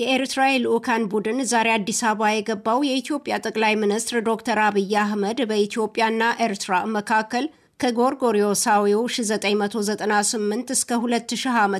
የኤርትራ የልዑካን ቡድን ዛሬ አዲስ አበባ የገባው የኢትዮጵያ ጠቅላይ ሚኒስትር ዶክተር አብይ አህመድ በኢትዮጵያና ኤርትራ መካከል ከጎርጎሪዮሳዊው 1998 እስከ 2000 ዓ ም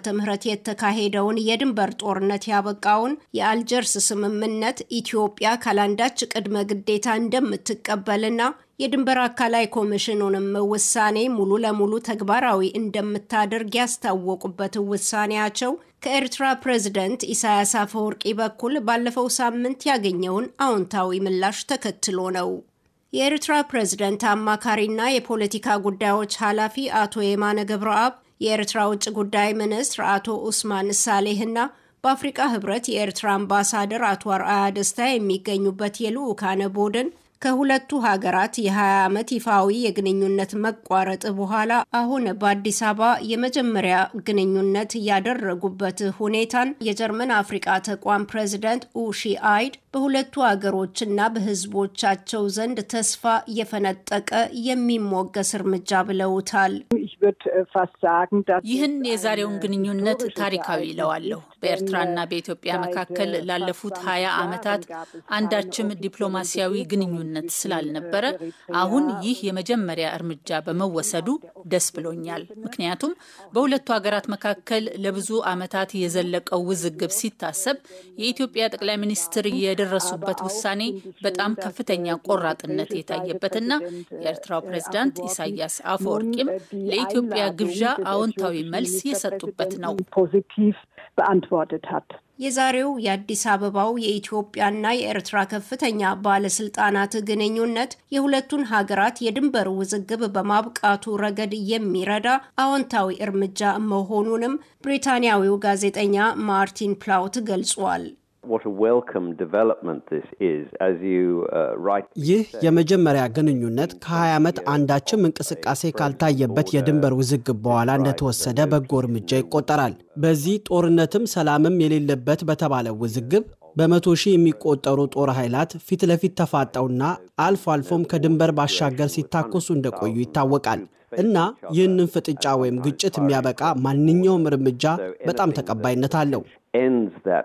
የተካሄደውን የድንበር ጦርነት ያበቃውን የአልጀርስ ስምምነት ኢትዮጵያ ካላንዳች ቅድመ ግዴታ እንደምትቀበልና የድንበር አካላይ ኮሚሽኑንም ውሳኔ ሙሉ ለሙሉ ተግባራዊ እንደምታደርግ ያስታወቁበት ውሳኔያቸው ከኤርትራ ፕሬዝደንት ኢሳያስ አፈወርቂ በኩል ባለፈው ሳምንት ያገኘውን አዎንታዊ ምላሽ ተከትሎ ነው። የኤርትራ ፕሬዝደንት አማካሪና የፖለቲካ ጉዳዮች ኃላፊ አቶ የማነ ገብረአብ የኤርትራ ውጭ ጉዳይ ሚኒስትር አቶ ኡስማን ሳሌህና በአፍሪቃ ህብረት የኤርትራ አምባሳደር አቶ አርአያ ደስታ የሚገኙበት የልዑካነ ቡድን ከሁለቱ ሀገራት የ20 ዓመት ይፋዊ የግንኙነት መቋረጥ በኋላ አሁን በአዲስ አበባ የመጀመሪያ ግንኙነት ያደረጉበት ሁኔታን የጀርመን አፍሪቃ ተቋም ፕሬዚደንት ኡሺ አይድ በሁለቱ ሀገሮችና በህዝቦቻቸው ዘንድ ተስፋ የፈነጠቀ የሚሞገስ እርምጃ ብለውታል። äh, ይህን የዛሬውን ግንኙነት ታሪካዊ ይለዋለሁ። በኤርትራና በኢትዮጵያ መካከል ላለፉት ሀያ ዓመታት አንዳችም ዲፕሎማሲያዊ ግንኙነት ስላልነበረ አሁን ይህ የመጀመሪያ እርምጃ በመወሰዱ ደስ ብሎኛል። ምክንያቱም በሁለቱ ሀገራት መካከል ለብዙ ዓመታት የዘለቀው ውዝግብ ሲታሰብ የኢትዮጵያ ጠቅላይ ሚኒስትር የደረሱበት ውሳኔ በጣም ከፍተኛ ቆራጥነት የታየበትና የኤርትራው ፕሬዝዳንት ኢሳያስ አፈወርቂም ለኢትዮጵያ ግብዣ አዎንታዊ መልስ የሰጡበት ነው። geantwortet hat። የዛሬው የአዲስ አበባው የኢትዮጵያና የኤርትራ ከፍተኛ ባለስልጣናት ግንኙነት የሁለቱን ሀገራት የድንበር ውዝግብ በማብቃቱ ረገድ የሚረዳ አዎንታዊ እርምጃ መሆኑንም ብሪታንያዊው ጋዜጠኛ ማርቲን ፕላውት ገልጿል። Uh, ይህ የመጀመሪያ ግንኙነት ከ20 ዓመት አንዳችም እንቅስቃሴ ካልታየበት የድንበር ውዝግብ በኋላ እንደተወሰደ በጎ እርምጃ ይቆጠራል። በዚህ ጦርነትም ሰላምም የሌለበት በተባለ ውዝግብ በመቶ ሺህ የሚቆጠሩ ጦር ኃይላት ፊት ለፊት ተፋጠውና አልፎ አልፎም ከድንበር ባሻገር ሲታኮሱ እንደቆዩ ይታወቃል። እና ይህንን ፍጥጫ ወይም ግጭት የሚያበቃ ማንኛውም እርምጃ በጣም ተቀባይነት አለው። Uh,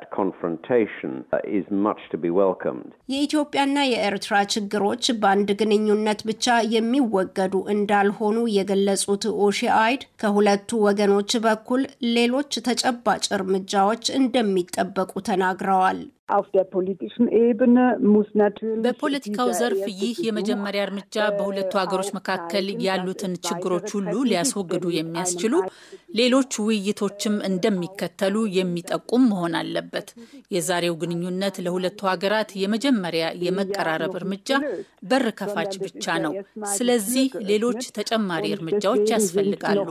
የኢትዮጵያና የኤርትራ ችግሮች በአንድ ግንኙነት ብቻ የሚወገዱ እንዳልሆኑ የገለጹት ኦሺአይድ ከሁለቱ ወገኖች በኩል ሌሎች ተጨባጭ እርምጃዎች እንደሚጠበቁ ተናግረዋል። በፖለቲካው ዘርፍ ይህ የመጀመሪያ እርምጃ äh, በሁለቱ ሀገሮች መካከል ያሉትን ችግሮች ሁሉ ሊያስወግዱ የሚያስችሉ ሌሎች ውይይቶችም እንደሚከተሉ የሚጠቁም መሆን አለበት። የዛሬው ግንኙነት ለሁለቱ ሀገራት የመጀመሪያ የመቀራረብ እርምጃ በር ከፋች ብቻ ነው። ስለዚህ ሌሎች ተጨማሪ እርምጃዎች ያስፈልጋሉ።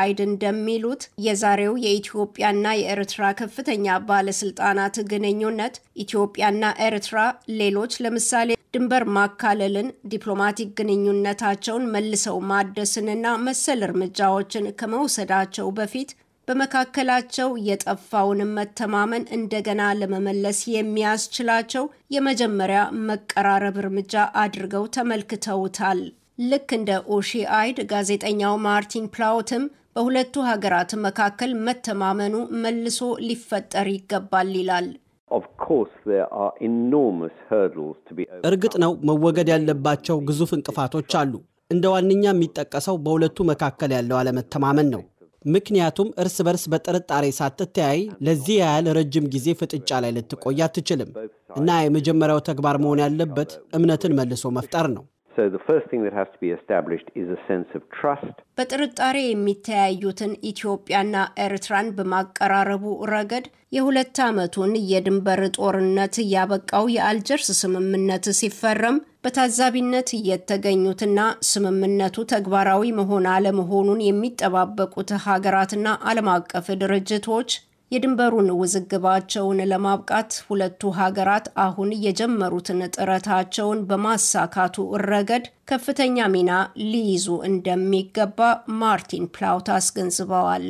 አይድ እንደሚሉት የዛሬው የኢትዮጵያና የኤርትራ ከፍተኛ ባለስልጣናት ግንኙነት ኢትዮጵያና ኤርትራ ሌሎች ለምሳሌ ድንበር ማካለልን፣ ዲፕሎማቲክ ግንኙነታቸውን መልሰው ማደስንና መሰል እርምጃዎችን ከመውሰዳቸው በፊት በመካከላቸው የጠፋውን መተማመን እንደገና ለመመለስ የሚያስችላቸው የመጀመሪያ መቀራረብ እርምጃ አድርገው ተመልክተውታል። ልክ እንደ ኦሺአይድ ጋዜጠኛው ማርቲን ፕላውትም በሁለቱ ሀገራት መካከል መተማመኑ መልሶ ሊፈጠር ይገባል ይላል። እርግጥ ነው መወገድ ያለባቸው ግዙፍ እንቅፋቶች አሉ። እንደ ዋነኛ የሚጠቀሰው በሁለቱ መካከል ያለው አለመተማመን ነው። ምክንያቱም እርስ በርስ በጥርጣሬ ሳትተያይ ለዚህ ያህል ረጅም ጊዜ ፍጥጫ ላይ ልትቆይ አትችልም እና የመጀመሪያው ተግባር መሆን ያለበት እምነትን መልሶ መፍጠር ነው። በጥርጣሬ የሚተያዩትን ኢትዮጵያና ኤርትራን በማቀራረቡ ረገድ የሁለት ዓመቱን የድንበር ጦርነት ያበቃው የአልጀርስ ስምምነት ሲፈረም በታዛቢነት የተገኙትና ስምምነቱ ተግባራዊ መሆን አለመሆኑን የሚጠባበቁት ሀገራትና ዓለም አቀፍ ድርጅቶች የድንበሩን ውዝግባቸውን ለማብቃት ሁለቱ ሀገራት አሁን የጀመሩትን ጥረታቸውን በማሳካቱ ረገድ ከፍተኛ ሚና ሊይዙ እንደሚገባ ማርቲን ፕላውት አስገንዝበዋል።